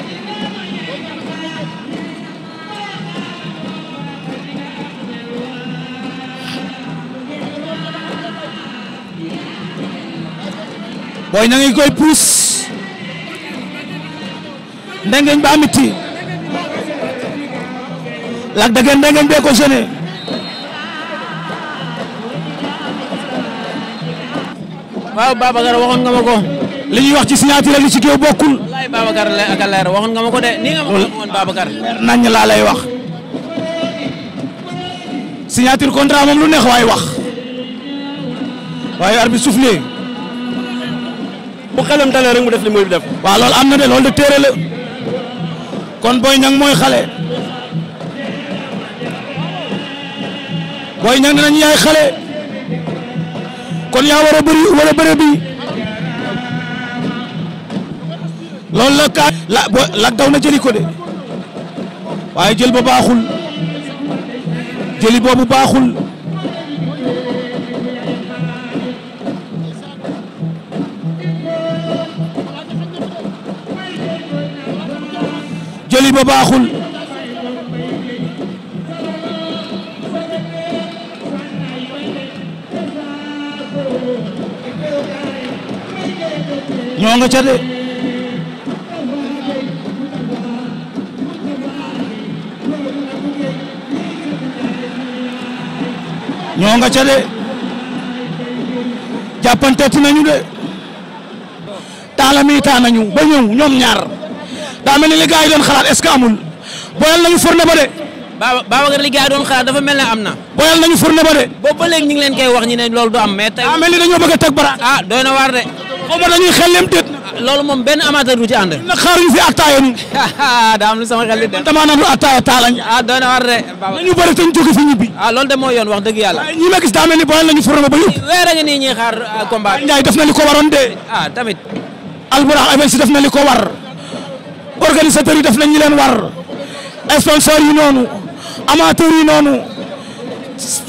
booy na ngi koy puus ndengeñ ba amiti Lac de Guiers ndengeñ bee ko gêné waaw Babacar waxoon nga ma li ñuy wax ci signature ak li ci kéw la ak leer waxoon nga ma ko de nii nga ma ko woon Babacar nañ laa lay wax signature contrat moom lu neex waay wax waaye arbitre soufflé bu xelam dalee rek mu def li muy def. waa loolu am na de loolu de téere la kon Boy Niang mooy xale Boy Niang dinañ yaay xale kon yaa war a bëri war a bëri bi loolu la ka la daw na jëli ko de waaye jël ba baaxul jëli boobu baaxul. tali ba baaxul ñoo nga ca de nga ca de jàppanteeti nañu de taala mi taa nañu ba ñëw ñoom ñaar daa mel ni li gars yi doon xalaat est-ce que amul booyal nañu fourne ba de. Baba Babacar li gars yi doon xalaat dafa mel ne am na. booyal nañu fourne ba de. boobu ba léegi ñu ngi leen koy wax ñu ne loolu du am mais tey. ah mel ni dañoo bëgg a teg bara. ah doy na waar de. xaw ma dañuy xel leen déet. Ah, loolu moom benn amateur du ci ànd. na xaaruñu fi attaaya ñu. [laughs] daa am lu sama xel di dem. damaa naan lu attaaya taalañ. ah doy na war de. Baba nañu bëri te ñu jóge fi ñibbi. ah loolu de moo yoon wax dëgg yàlla. ñi ma gis daa mel ni booyal nañu fourne ba ba yëpp. weer a ngi nii ñuy xaar ah, combat. Ndiaye def na li ko waroon de. ah tamit. Alburax Events def na li ko war. organisateurs yi def nañ ñi leen war sponsors yi noonu amateurs yi noonu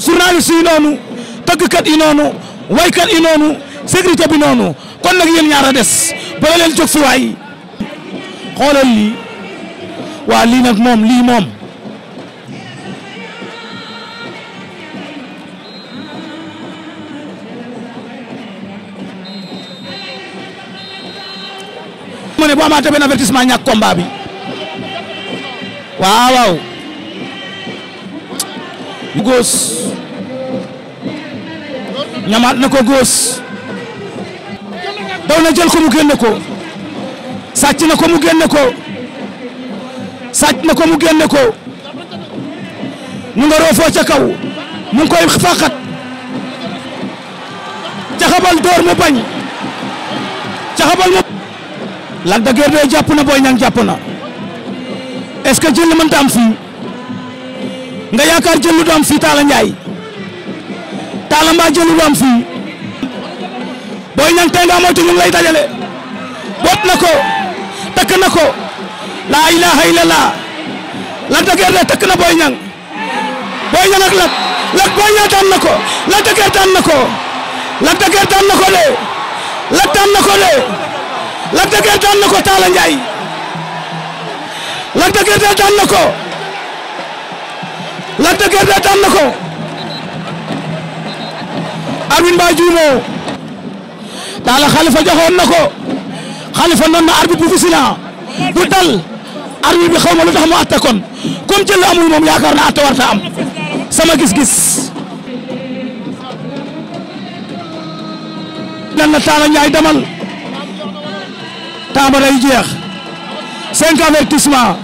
journalistes yi noonu tëggkat yi noonu waykat yi noonu sécurité bi noonu kon nag yéen ñaar a des ba leen jóg si waay xoolal lii waa lii nag moom lii moom. ne bu amaatee benn avertissement ñàkk combat bi waaw waaw. góos ñamaat na ko góos. daw na jël ko mu génne ko. sàcc na ko mu génne ko. sàcc na ko mu génne ko. mu nga roofoo ca kaw. mu ngi koy faqat. caxabal door mu bañ. caxabal mu. Lac de Guiers 2 jàpp na Boy Niang jàpp na ce que jël mënta am fii nga yaakaar jël lu du am fii Talla Ndiaye Talla mbaa jël du am fii Boy Niang tey nga moytu lay dajale boot na ko takk na ko laa ilaaha illallah Lac de Guiers 2 takk na Boy Niang Boy Niang ak Lac Lac Boy Niang na ko Lac de Guiers na ko Lac de Guiers na ko de Lac de Guiers daan na ko Talla Ndiaye Lac de Guiers daan na ko Lac de na ko arbitre ba noon na arbitre bu fisina bu bi xaw ma lu tax mu atte kon comme jël amul moom na atte warta am sama gis-gis dan na Talla Ndiaye temps day jeex cinq avertissement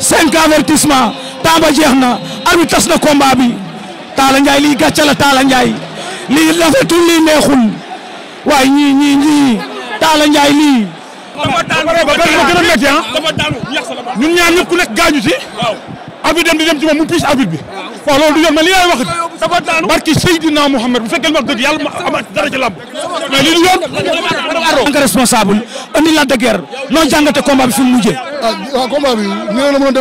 cinq avertissement temps jeex na arbitre na combat bi Talla Ndiaye lii gàcce la Talla Ndiaye lii rafetul lii neexul waaye ñii ñii ñii Talla lii. ba pare ba gën a métti ah. dafa daanu ku nekk gaañu ci. waaw dem di dem ci moom piis arbitre bi. waaw du yoon mais li yaay waxit dafa daanu barki Seydina Mouhamed bu fekkee ma dëgg ma am dara lamb mais li ñu yor en responsable andi noo jàngate combat bi fi mu mujjee ah combat bi ni la mënoon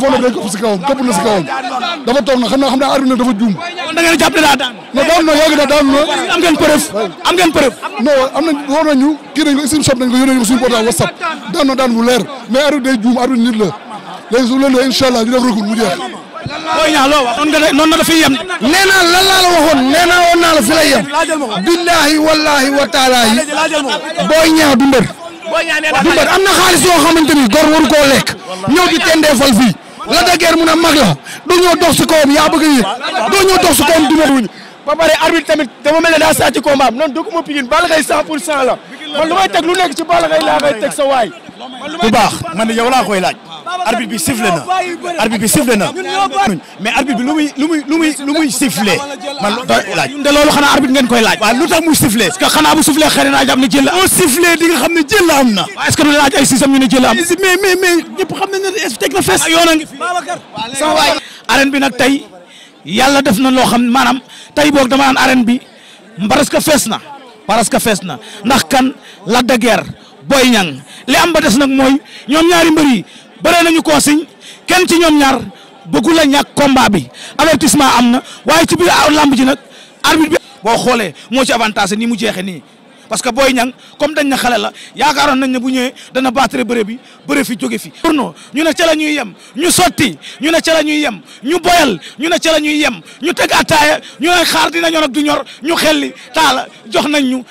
demee ko si kawam képp na si kawam dafa toog na xam naa xam naa arbitre dafa juum kon da ngeen jàpp ne daa daan no daan na na daan na am ngeen preuve am ngeen preuve non am nañ woo nañu kii nañ ko isim sob nañ ko daan na daan mu leer mais arbitre day juum arbitre nit la léegi su leen incha allah ñu def recours mu jeex. booy ñaax loo wax noonu nga la fiy yem. nee naa lan laa la waxoon nee naa woon naa la fi lay yem. billahi wallahi wa taalaahi. booy ñaax du mbër. am na xaalis yoo xamante ni gor waru koo lekk. ñëw di tendeefal fii. la da guerre mu ne mag la doo ñëw dox si kawam yaa bëgg a yéeg doo ñëw dox si kawam du ma. ba pare arbitre tamit dama mel ne daa saa ci combat am noonu dugg ma Pikine Balla Gaye 100 pour 100 la lu may teg lu nekk ci Balla Gaye laa koy teg sa waay. bu baax man yow laa koy laaj arbitre bi sifflé na bi sifflé na mais arbitre bi lu muy lu muy lu muy lu muy sifflé man laaj de loolu xanaa arbitre ngeen koy laaj waaw lu tax muy sifflé parce xanaa bu sifflé xëy na jàpp ne jël am na est-ce laaj ay sisam ñu ne jël la am mais mais mais ñëpp xam nañ ne teg na fees ah, yoon a ngi fi n waay bi nag tey yàlla def na loo xam maanaam tey boog dama naan arène bi parce que fees na parce que fees na ndax kan Lac de Guiers Boy Niang li am ba des nag mooy ñoom ñaari mbër yi bëree nañu consigne kenn ci ñoom ñaar bëggu la ñàkk combat bi avertissement am na waaye ci biir aw lamb ji nag arbitre bi boo xoolee moo ci avantage nii mu jeexee nii parce que booy Niang comme dañ na xale la yaakaaroon nañ ne bu ñëwee dana battre bëre bi bëre fi jóge fi noo ñu na ca la ñuy yem ñu sotti ñu ne ca la ñuy yem ñu boyal ñu ne ca la ñuy yem ñu teg attaaya ñu ne xaar dina ñor ak du ñor ñu xelli taala jox nañ ñu